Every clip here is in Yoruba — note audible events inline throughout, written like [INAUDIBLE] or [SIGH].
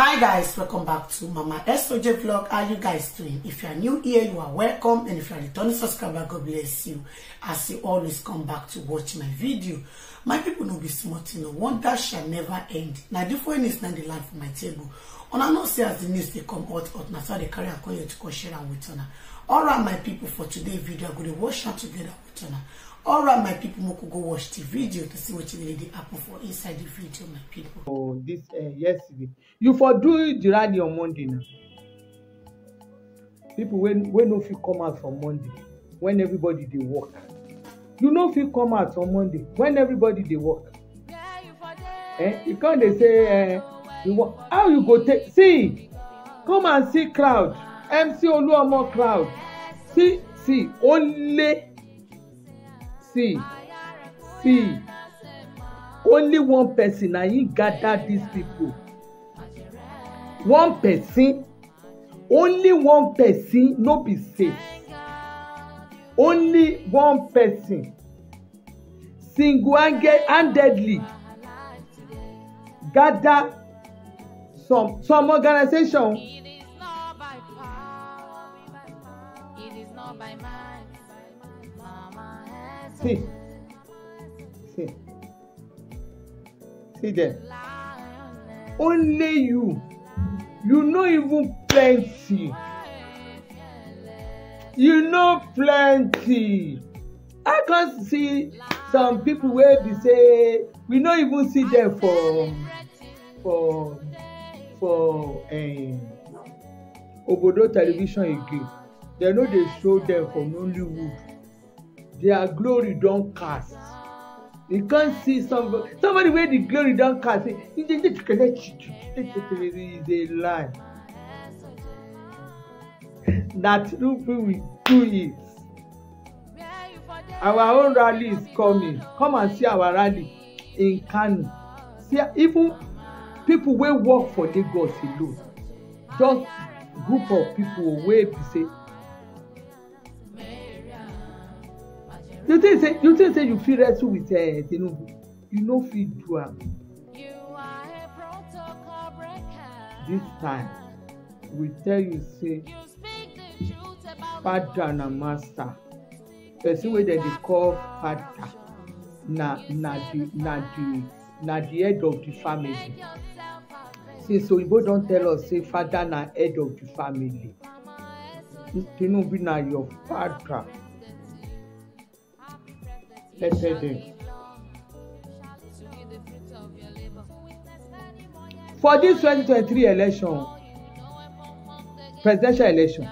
hi guys welcome back to mama soj vlog how you guys doing if you are new here you are welcome and if you are returning subscriber god bless you as you always come back to watch my video my people know be smart, you know. One that shall never end na different is not the land for my table una know say as the news they come out, out, na so i carry a come here to come share am with una all right my people for today's video i go to watch am together with una all right my people mo could go watch the video to see what you really dey happen for inside the video my people. oh, this uh, eh, yesterday you for do the rally on monday now. people when when no fit come out for monday when everybody they work you no fit come out on monday when everybody they work eh you can't. dey say eh you wan how you go take see come and see crowd mc oluomo crowd see see only see see only one person na him gather these people one person only one person no be safe only one person single-handedly gather some some organization See. See. See there. Only you. You know even plenty. You know plenty. I can't see some people where they say we no even see them for for for um, obodo television again. They know they show them for Nollywood their glory don cast you come see somebody somebody wey the glory don cast say you dey dey kele you dey lie na true people we do it our own rally is coming come and see our rally in kano see even people wey work for lagos alone just group of people wey be say you think say you think say you fit wrestle with uh, tinubu you no fit do am this time we tell you say father na master person wey dem dey call father na na the na the na the head of the family since oyibo don tell us say father na head of the family tinubu na your father pepper them. For this 2023 election, presidential election,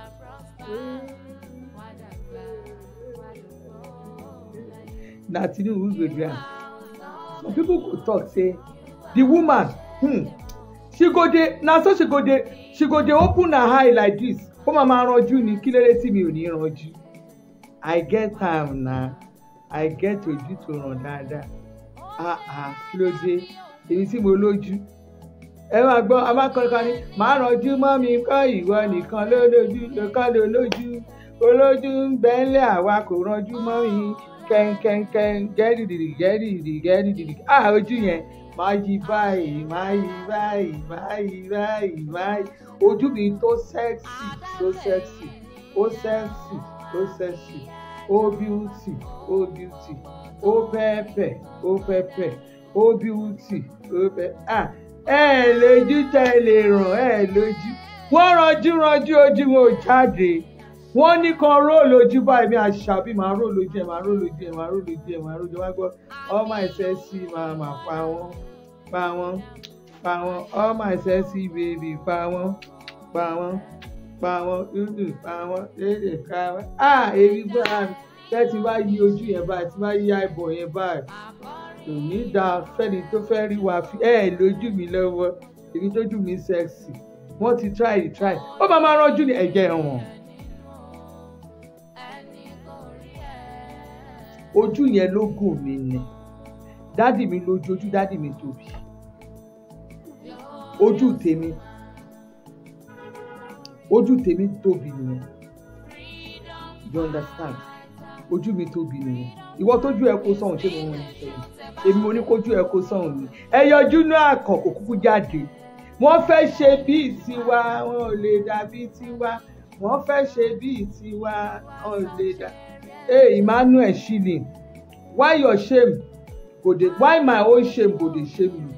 na Tinubu go grant. Some people go talk say the woman hmm, she go dey na so she go dey she go dey open her eye like this ó máa ma ranjú ni kí lóore tí mi ò ní ranjú. I get am na i get ojú tó ràn dáadáa ah ah kí ló dé èyí tí mo lójú ẹ máa gbọ́ abákọ̀ọ́kọ́ ni màá rànjú mọ́ mi kọ́ ìwọ nìkan lólójú lókàn lólójú olójú ń bẹ́ńlẹ̀ àwa kò rànjú mọ́ mi kẹ́ńkẹ́ńkẹ́ń gẹ́rìdìrì gẹ́rìdìrì gẹ́rìdìrì à ojú yẹn máa yí báyìí máa yí báyìí máa yí báyìí máa yí ojú mi tó sẹ́ẹ̀sì tó sẹ́ẹ̀sì ó sẹ́ẹ̀sì ó sẹ́ẹ̀sì ó beauty ó beauty ó pẹ́pẹ́ ó pẹ́pẹ́ ó beauty ó pẹ́ à ẹ lè jí tẹ lè ràn ẹ lójú wọ́n ranjú ranjú ojú wọn ò jáde wọ́n ní kan ró lójú báyìí mi àṣàbí màá ró lójú ẹ̀ màá ró lójú ẹ̀ màá ró lójú ẹ̀ màá ró lójú ẹ̀ wá gbọ́ ọmọ ẹ̀sẹ̀ sí màá mà pa wọ́n pa wọ́n pa wọ́n ọmọ ẹ̀sẹ̀ sí bèbí pa wọ́n pa wọ́n pa wọn dúdú pa wọn lédè ká wọn á èyí bá tẹ́ ti bá yí ojú yẹn báyìí ti bá yí àìbọ̀ yẹn báyìí kò ní dáa fẹ́ni tó fẹ́ rí wa fi ẹ̀ lójú mi lọ́wọ́ èmi tójú mi sẹ́ẹ̀sì wọ́n ti try try ó bá máa rọ́jú ní ẹ̀jẹ̀ wọn. ojú yẹn ló gùn mí ni dádì mi lójú ojú dádì mi tóbi ojú tèmi ojú tèmi tóbi nìyẹn you understand ojú mi tóbi nìyẹn ìwọ tójú ẹ kó sọhùn ṣé mo wọn ní sẹ́yìn èmi mo ní kójú ẹ kó sọhùn ni ẹ yọjú náà kàn kó kúkú jáde wọ́n fẹ́ ṣe bíi tiwa wọn ò lè dàbí tiwa wọ́n fẹ́ ṣe bíi tiwa wọn ò lè dà. hey Emmanuel shilling why your shame go dey why my own shame go dey shame you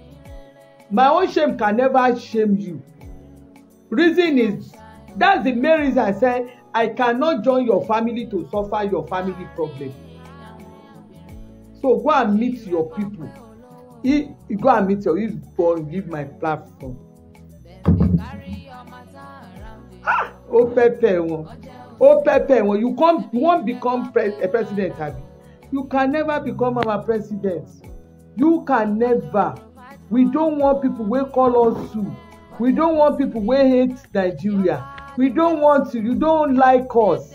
my own shame can never shame you reason is that's the main reason i say i cannot join your family to suffer your family problem so go and meet your people if you go and meet your if for leave my platform ah o Pepe wọn o Pepe wọn you come you wan become pre president abi you can never become our president you can never we don want people wey call us too. we don want people wey hate nigeria we don't want to. you don't like us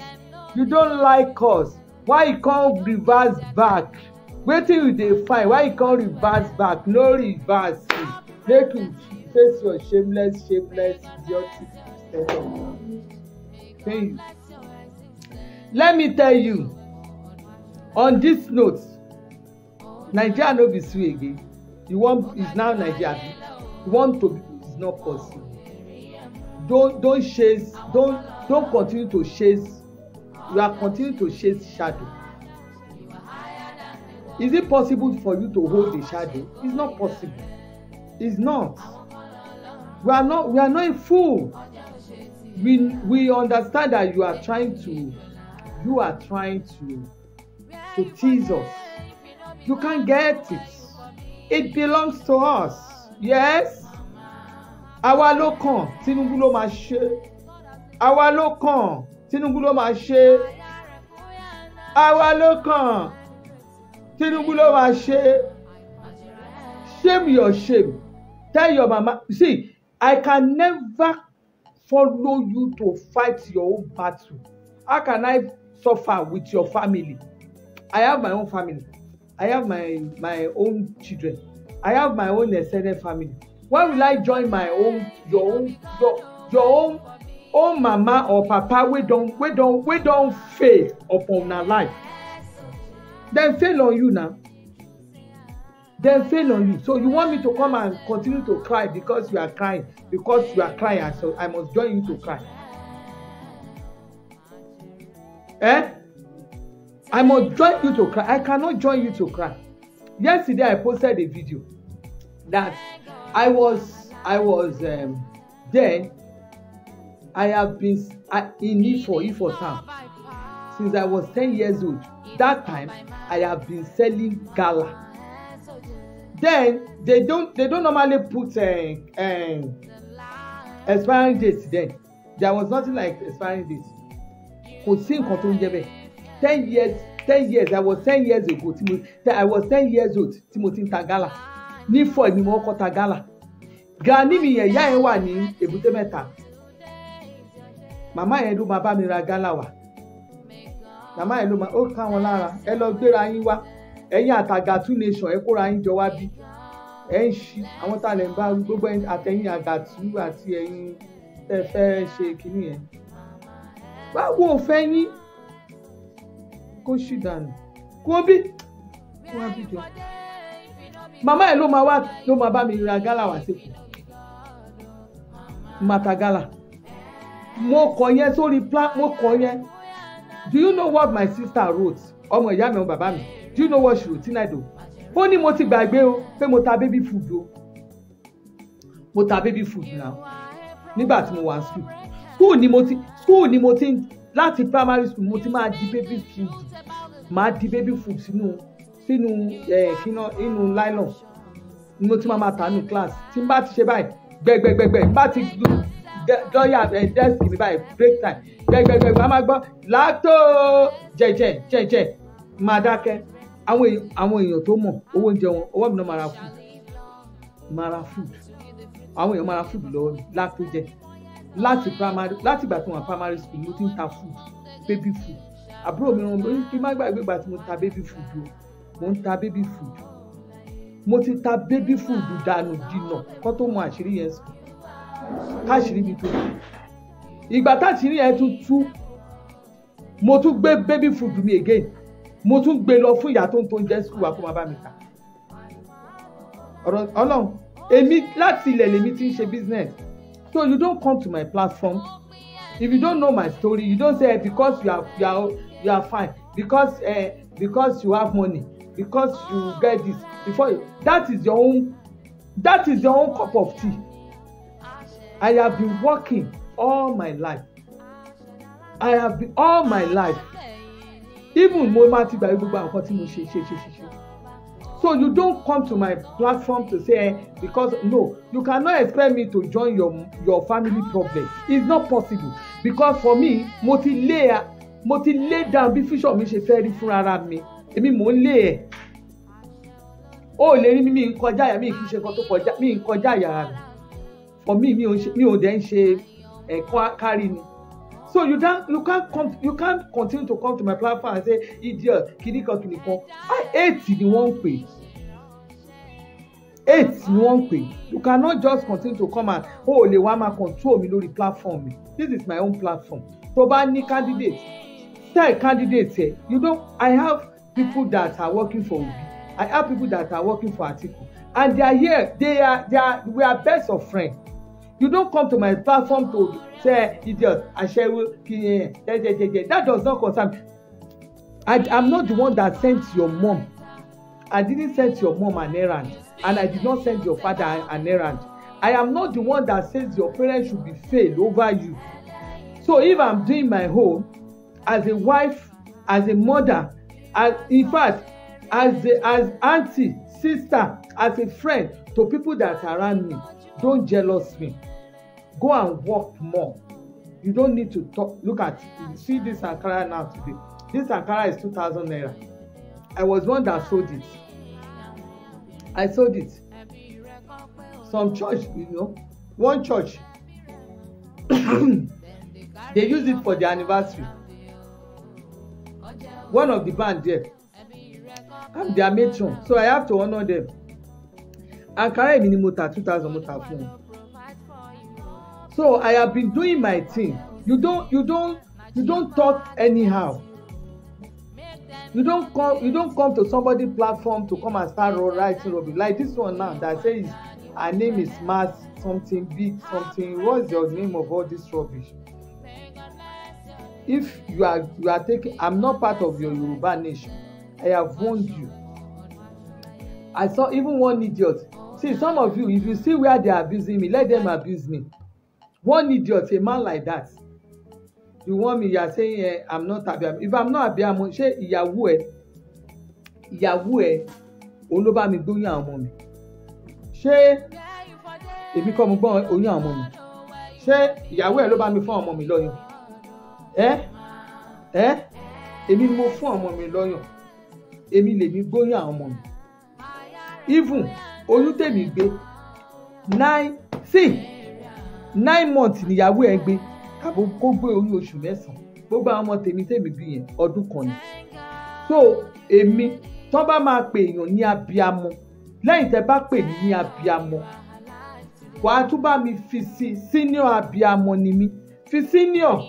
you don't like us why you come reverse back wetin you dey find why you come reverse back no reverse make you face your shameless shameless idiot. self let me tell you on this note nigeria no be sweet again you want is now nigeria you want to be is not possible don't don't chase don't don't continue to chase you are continue to chase shadow is it possible for you to hold the shadow it's not possible it's not we are not we are not a fool we we understand that you are trying to you are trying to to tease us you can't get it it belongs to us yes àwa ló kàn Tinubu ló máa ṣe àwa ló kàn Tinubu ló máa ṣe àwa ló kàn Tinubu ló máa ṣe shame your shame tell your mama see I can never follow you to fight your own battle how can I suffer with your family I have my own family I have my my own children I have my own extended family why will i join my own your own your your own own mama or papa wey don wey don wey don fail upon una life dem fail on you na dem fail on you so you want me to come and continue to cry because you are crying because you are crying and so i must join you to cry eh i must join you to cry i cannot join you to cry yesterday i posted a video that I was I was um, there. I have been I, in Ifor Ifor town since I was ten years old. That time I have been selling gala. Then they don't they don't normally put um, um, expiring date then. There was nothing like expiring date. Kò sí nǹkan tó ń jẹ bẹ́ẹ̀. Ten years ten years I was ten years ago tí mo I was ten years old tí mo ti ń ta gala ní fọ ìgbìmọ̀ ọkọ̀ tagala Gani mi yẹn ìyá yẹn wà ní èbúté mẹ́ta màmá yẹn ló máa bá mi ra gálà wá màmá yẹn ló máa ó ká wọn lára ẹ lọ gbéra yín wá ẹ̀yin àtàgà two nation ẹ kóra yín jọ wá bí ẹ ń ṣí àwọn tá a lè bá gbogbo àtẹ̀yìn àgàtú àti ẹ̀yin tẹ́ fẹ́ ṣe kínní yẹn báwo ò fẹ́ yín kó ṣì dànù kó bí kó wá bí jọ. Mama ẹ̀ ló máa wá ló máa bá mi ra gálà wá sí mata gala. mo kọ yẹn sórí plan mo kọ yẹn do you know what my sister wrote ọmọ ìyá mi ọmọ bàbá mi do you know what she wrote tinaido ó ní mo ti gbàgbé o pé mo ta baby food o mo ta baby food náà nígbà tí mo wà school school ni mo ti school ni mo ti láti primary school mo ti máa di baby food máa di baby food sínú. Si sínú kíná inú nylon ni mo ti máa máa tà nínú class tí n bá ti ṣe báyìí gbẹgbẹgbẹgbẹ n bá ti dọ́yà desk mi báyìí break time gbẹgbẹgbẹgbẹ a máa gbọ́ làátó jẹjẹ jẹjẹ máa dákẹ́ àwọn èèyàn tó mọ̀ owó oúnjẹ wọn owó mi náà máa ra food máa ra food àwọn èèyàn máa ra food lọ́wọ́ mi látó jẹ láti primary láti ìgbà tí wọn primary school mo ti ń ta food baby food àbúrò mi ràn mí kí n má gbàgbé ìgbà tí mo ta baby food o mò ń ta baby food mo ti ta baby food dànù dìnà kó tó mọ àṣírí yẹn sùn káṣírí mi tó ìgbà táṣírí yẹn tún tú mo tún gbé baby food mi again mo tún gbé lọ fún ìyá tó ń tó ń jẹ́ sùkúl kó máa bá mi ta ọlọ́run èmi láti ilẹ̀ lèmi ti ń ṣe business so you don't come to my platform if you don't know my story you don't say eh, because you are you are you are fine because uh, because you have money because you get this before you that is your own that is your own cup of tea i have been working all my life i have been all my life even mo ma ti gbàgbé gbogbo àwọn tí mo ṣe ṣe ṣe ṣe so you don't come to my platform to say eh because no you cannot expect me to join your your family problem it's not possible because for me mo ti lay mo ti lay down bí future mi ṣe fẹ́ rí fúnra mi èmi mò ń lé ẹ̀ e. ó lè rí mi ń kọjá àyà mi kì í ṣe nǹkan tó kọjá mi ń kọjá àyà rẹ̀ for me mi ò dẹ̀ ń ṣe ẹ̀kọ́ kárí ni so you don you can't you can't continue to come to my platform and say idiot kìíní kan kìíní kan ah eight ni wọ́n ń pè eight ni wọ́n ń pè you cannot just continue to come and oh, lè wá máa control mi lórí platform mi this is my own platform tó bá ní candidate tell candidate ẹ you know i have people that are working for me, I have people that are working for Atiku. And they are here. They are, they are, we are best of friends. You don't come to my platform to say, idiot, Ashewo, that does not concern me. I, I'm not the one that sent your mom. I didn't send your mom an errand. And I did not send your father an errand. I am not the one that says your parents should be failed over you. So if I'm doing my home, as a wife, as a mother, as in fact as a as aunty sister as a friend to people that around me don't jealous me go and work more you don't need to talk look at see this ankara now today this ankara is two thousand naira i was one that sold it i sold it some church you know one church [COUGHS] they use it for their anniversary one of the band there i'm their matron so i have to honour them ankara èmi ni mo ta two thousand mo ta fún so i have been doing my thing you don you don you don talk anyhow you don come you don come to somebody platform to come and start writing rubbish like this one now that say his her name is mass something big something what's your name of all this rubbish if you are you are taking i'm not part of your yoruba nation i have warned you i saw even one idiot see some of you if you see where they are abusing me let them abuse me one idiot a man like that you want me you are saying eh, i'm not abiam if i'm not abiam ṣé ìyàwó ẹ ìyàwó ẹ òun ló bá mi gbóyún àwọn ọmọ mi ṣé èmi kọ́ mo gbọ́ oyún àwọn ọmọ mi ṣé ìyàwó ẹ ló bá mi fún ọmọ mi lọ́yàn ẹ ẹ èmi mo fún ọmọ mi lọ́yàn èmi lèmi gbóyà ọmọ mi even oyún tèmi gbé nine sí nine months níyàwó ẹ gbé àbò kó gbé oyún oṣù mẹ́sàn-án gbogbo àwọn ọmọ tèmi tèmi bí yẹn ọdún kan ni so èmi tó bá máa pè èèyàn ní abiamọ lẹ́yìn tẹ́ bá pè mí ní abiamọ wàá tún bá mi fi sí senior abiamọ ni mi fi senior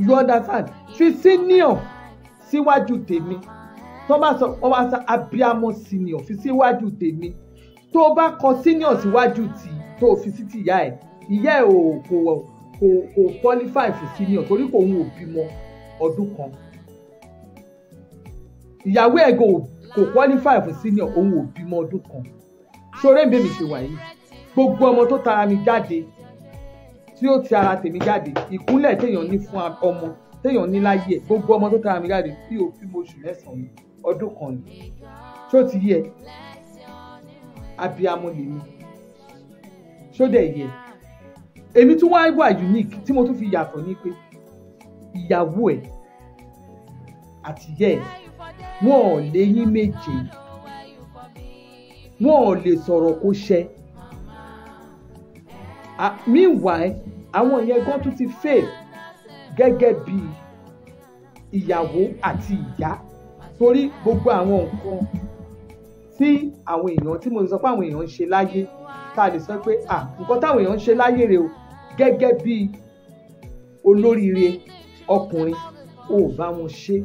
you understand fi senior síwájú tèmi tó bá sọ ọ wá sọ abiyamọ senior fi síwájú tèmi tó bá kọ senior síwájú tì tó fi sí ti ìyá ẹ ìyá ẹ ò kò kò kò qualify for senior torí kò ń bímọ ọdún kan ìyàwó ẹ kò qualify for senior òun ò bímọ ọdún kan ṣoré mi mi ṣe wà yìí gbogbo ọmọ tó tara mi jáde tí ó ti ara tèmi jáde ìkúnlẹ̀ téèyàn ní fún ọmọ téèyàn ní láyé ẹ̀ gbogbo ọmọ tó tara mi jáde tí o fi mo oṣù mẹ́sàn-án ọdún kan ni ṣó ti yẹ abiyamọ lèmi ṣó dẹ̀ yẹ èmi tún wá wà unique tí mo tún fi yàtọ̀ ní pé ìyàwó ẹ̀ àtìyẹ́ ẹ̀ wọn ò léyín méje wọn ò lè sọ̀rọ̀ kó ṣẹ meanwhile àwọn yẹn gan tún ti fail gẹ́gẹ́ bí ìyàwó àti ìyá torí gbogbo àwọn nǹkan tí àwọn èèyàn tí mo sọ pé àwọn èèyàn ń ṣe láyé tá a lè sọ pé à nǹkan táwọn èèyàn ń ṣe láyé rèé o gẹ́gẹ́ bí olóríire ọkùnrin ò bá wọn ṣe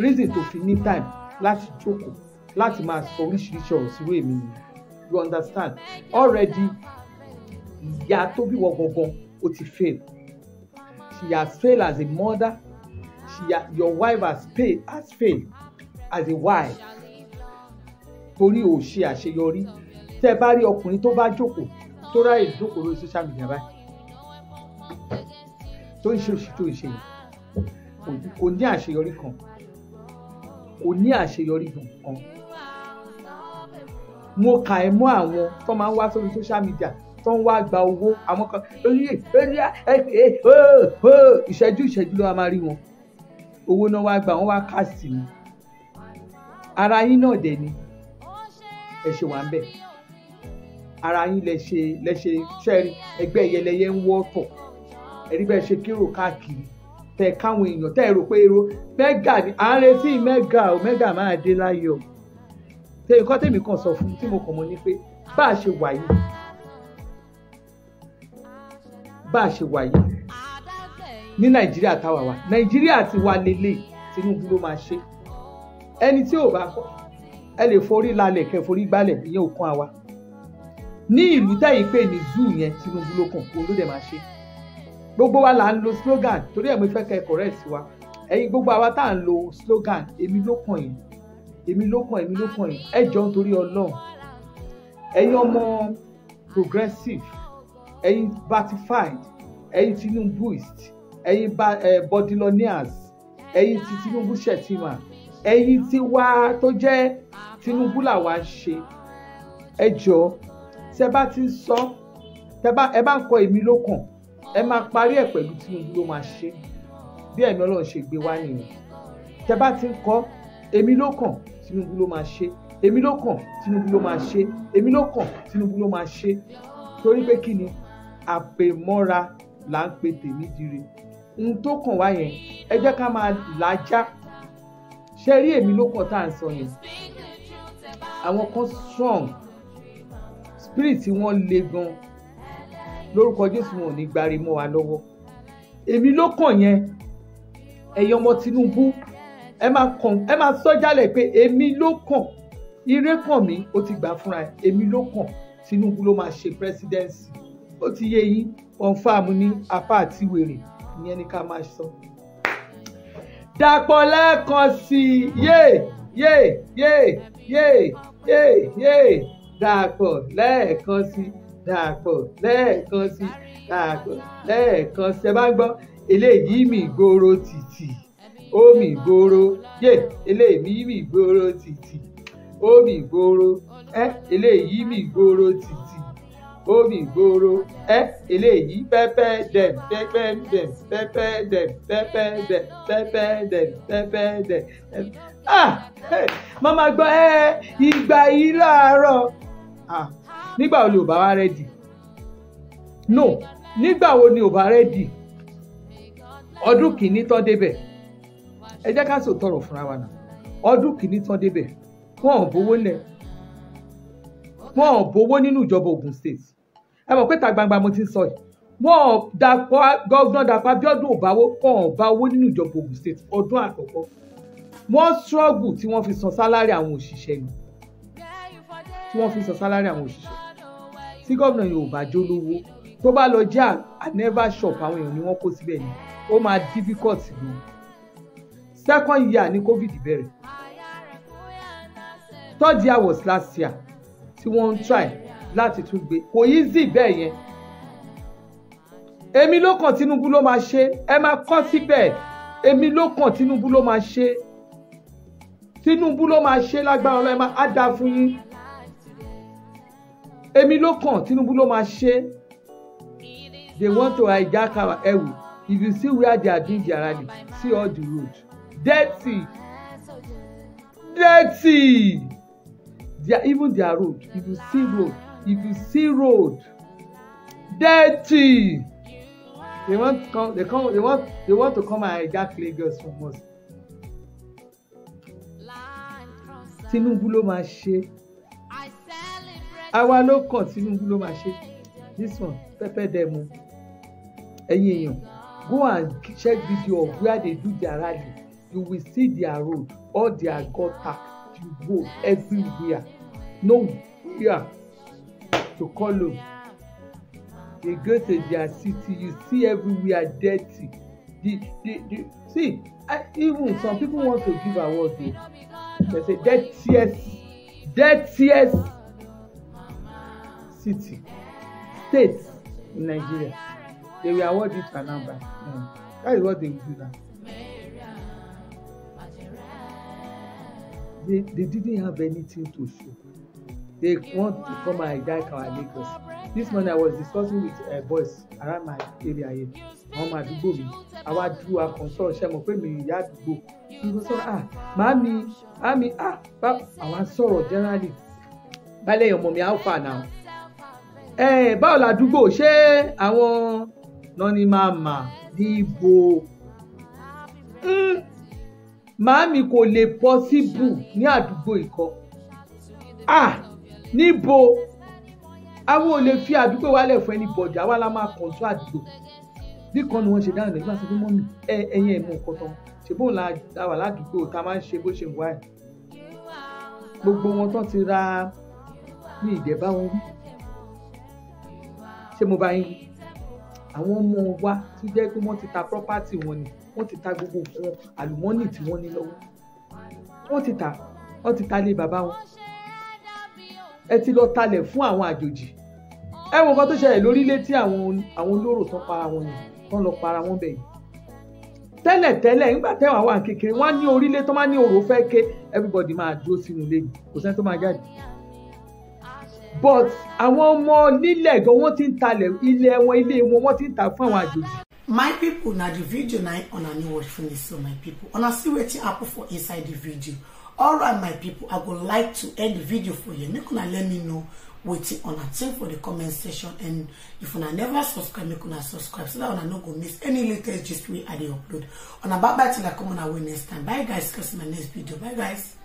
reason tó fi ní time láti jókòó láti máa sọ oríṣiríṣi ọ̀rọ̀ sí wèémí you understand already ìyá tó bí wọ gangan ó ti fail she has failed as a mother she has, your wife has failed has failed as a wife torí ò ṣe àṣeyọrí tẹ bá rí ọkùnrin tó bá jókòó tó ráyè jókòó lórí social media báyìí tó ń ṣe oṣù tó ń ṣe yìí kò ní àṣeyọrí kan kò ní àṣeyọrí kan mo kà ẹ́ mọ́ àwọn tó máa ń wá sórí social media tó ń wá gba owó àwọn kan orí orí ẹ ìṣẹ́jú ìṣẹ́jú ló máa rí wọn owó náà wá gbà wọ́n wá kà ni ara yín náà dẹ̀ ni ẹ ṣe wà ń bẹ̀ ara yín lẹ ṣe lẹ ṣe ṣẹ́ẹ̀rì ẹgbẹ́ yẹlẹyẹ ń wọ́ ọ̀tọ̀ ẹ̀rí bẹ́ẹ̀ ṣe kírò káàkiri tẹ káwọn èèyàn tẹ rò pé èrò mẹ́gà ni à ń retí mẹ́gà o mẹ́gà máa dé láyọ̀ tẹ nǹkan tèmi kan sọ fún tí mo kàn mọ́ ni pé bá a ṣe wà yìí bá a ṣe wà yìí ní nàìjíríà táwa wà nàìjíríà ti wà lélẹ̀ tinubu ló máa ṣe ẹni tí ò bá kọ́ ẹ lè forí lálẹ̀ kẹ́ forí gbálẹ̀ ìyẹn ò kàn àwa ní ìlú tẹ̀yìn pé ní zoo yẹn tinubu ló kàn òun ló dẹ̀ máa ṣe gbogbo wa là ń lo slogan torí ẹ̀ mo fẹ́ kẹ́ correct wa ẹ̀yin gbogbo àwa tá à ń lo slogan èmi ló kàn yín èmi ló kàn èmi ló kàn yín ẹ jọ nítorí ọlọ́run ẹ̀yin ọmọ progressive ẹ̀yin batified ẹ̀yin tinubuist ẹ̀yin eh, bodiloneers ẹ̀yin ti tinubu shettima ẹ̀yin ti wá tó jẹ́ tinubu làwa ń ṣe ẹ jọ tẹ bá ti ń sọ tẹ bá ẹ bá ń kọ èmi lókàn ẹ máa parí ẹ pẹ̀lú tinubu ló máa ṣe bí ẹ̀mí ọlọ́run ṣe gbé wá nìyẹn tẹ bá ti kọ èmi lókàn tinubu ló máa ṣe èmi ló tinubu ló máa ṣe èmi ló tinubu ló máa ṣe torí pé kí ni àpèmọ́ra là ń pe tèmi dire ohun tó kàn wá yẹn ẹ jẹ́ ká máa làájá ṣe rí èmi ló kàn tá à ń sọ yẹn àwọn kan strong spirit wọn le gan lórúkọ Jésù wọn ò ní gbárí mọ́ wa lọ́wọ́ èmi ló kàn yẹn ẹ̀yin ọmọ Tinubu ẹ máa kàn ẹ máa sọ jálẹ̀ pé èmi ló kàn ire kàn ó ti gbà fúnra ẹ̀ èmi ló kàn Tinubu ló máa ṣe presidency ó ti yé yín confam ní apá àti wèrè ìyẹn ni ká máa sọ. dàpọ̀ lẹ́ẹ̀kan sí i yé yé yé yé yé yé dàpọ̀ lẹ́ẹ̀kan sí i dàpọ̀ lẹ́ẹ̀kan sí i dàpọ̀ lẹ́ẹ̀kan sí i ẹ bá gbọ́ eléyìí mi gbòòrò títì omi gbòòrò yé eléyìí mi gbòòrò títì omi gbòòrò ẹ eléyìí mi gbòòrò títì Obi gbòòrò ẹ eléyìí pẹpẹ dem pẹpẹ dem pẹpẹ dem pẹpẹ dem pẹpẹ dem pẹpẹ dẹm. Ah, màmá gbọ́ ẹ ìgbà yìí láàárọ̀ ah, nígbà wo ni ò bá wá rẹ́dì no nígbà wo ni ò bá rẹ́dì ọdún kìíní tó débẹ̀ ẹ jẹ́ ká sòtọrọ fúnra wa náà ọdún kìíní tó débẹ̀ wọn ò bówó lẹ̀ wọn ò bówó nínú ìjọba Ògùn state ẹ mọ̀ pé ta gbangba mo ti ń sọ yìí wọn ò dàpọ̀ gọ́gán dàpọ̀ Abíọ́dún ò báwó kàn ọ̀ bá owó nínú ìjọba Ògùn state ọdún àkọ́kọ́ wọ́n struggle tí wọ́n fi san sálárì àwọn òṣìṣẹ́ ni tí wọ́n fi san sálárì àwọn òṣìṣẹ́ tí gómìnà yìí ò bá jó lówó tó bá lọ jẹ́ ànẹ́fà shop àwọn èèyàn ni wọ́n kó síbẹ̀ ni ó máa difficult gan second year ni covid bẹ̀rẹ̀ third year was last year tí wọ́n ń try láti tún gbé kò easy bẹ́ẹ̀ yẹn èmi ló kàn Tinubu ló máa ṣe ẹ máa kọ́ síbẹ̀ èmi ló kàn Tinubu ló máa ṣe Tinubu ló máa ṣe lágbára ọlọ́ ẹ máa á dáa fún yín èmi ló kàn Tinubu ló máa ṣe they want to hijack our ẹrù if you see where they are doing their rally see all the road dirty dirty their even their road if you see road if you see road dirty they want to come they come they want they want to come and hijack Lagos from us Tinubu ló máa ṣe àwa ló kàn Tinubu ló máa ṣe this one pepper dem o ẹ̀yin èèyàn go and check video of where they do their rally you will see their road all their gutter you go everywhere no fear to call them. They go to their city, you see everywhere dirty. The, the, the, see, I, even some people want to give awards. They say dirtiest, dirtiest city, state in Nigeria. They will award it to number. Mm. That is what they will do now. they, they didn't have anything to show. They want to come and die our Lagos. This morning I was discussing with uh, boys around my area here. Àwọn ọmọ àdúgbò mi, àwa dúró akọ̀ǹsọ̀ ṣe mọ̀ pé mi ìyá àdúgbò. Mo sọ ah màámi màámi ah bá àwa sọ̀rọ̀ generally. Bálẹ̀ ọmọ mi how far now? Ẹ eh, báwo làdúgbò ṣé àwọn nọ́ni máa mà níbo? màámi kò lè bọ́ síbù ní àdúgbò ìkọ́ a níbo àwọn ò lè fi àdúgbò wálẹ̀ fún ẹni bọ̀dì àwa la máa kàn tó àdúgbò bí kan ni wọ́n ṣe dáhùn lẹ́gbẹ́ àti mọ́mì ẹ ẹyin ẹ̀mú nǹkan tán ṣèbó ńlá àwà ládùúgbò tá a máa ń ṣe bó ṣe wà ẹ̀ gbogbo wọn tán ti ra ní ìdẹ́bá wọn wí ṣé mo bá yín àwọn ọmọ wa tó jẹ́ pé wọ́n ti ta property wọn ni wọ́n ti ta gbogbo nǹkan àlùmọ́nì tí wọ́n ní lọ́wọ́ wọ́n ti ta wọ́n ti ta lé bàbá wọn ẹ ti lọ talẹ̀ fún àwọn àjòjì ẹ wo nǹkan tó ṣẹlẹ̀ lórílẹ̀ tí àwọn àwọn olóró tán para wọn yìí tán lọ para wọn bẹ̀ yìí tẹ́lẹ̀ tẹ́lẹ̀ nígbà tẹ́wà wà kékeré wọ́n á ní orílẹ̀ tó máa ní òrò fẹ́ ké everybody máa dúró sínú ilé yìí kò sẹ́ni tó máa jáde but àwọn ọmọ nílẹ̀ gan wọ́n ti ń talẹ̀ ilé wọn ilé wọn wọ́n ti ń tà fún àwọn àjòjì my people na the video na una new word watch this. so my people una see wetin happen for inside the video all right my people i would like to end the video for you make una let me know on a think for the comment section and if una never subscribe make una subscribe so that una no go miss any latest gist we i dey upload a bye bye till i come on way next time bye guys catch my next video bye guys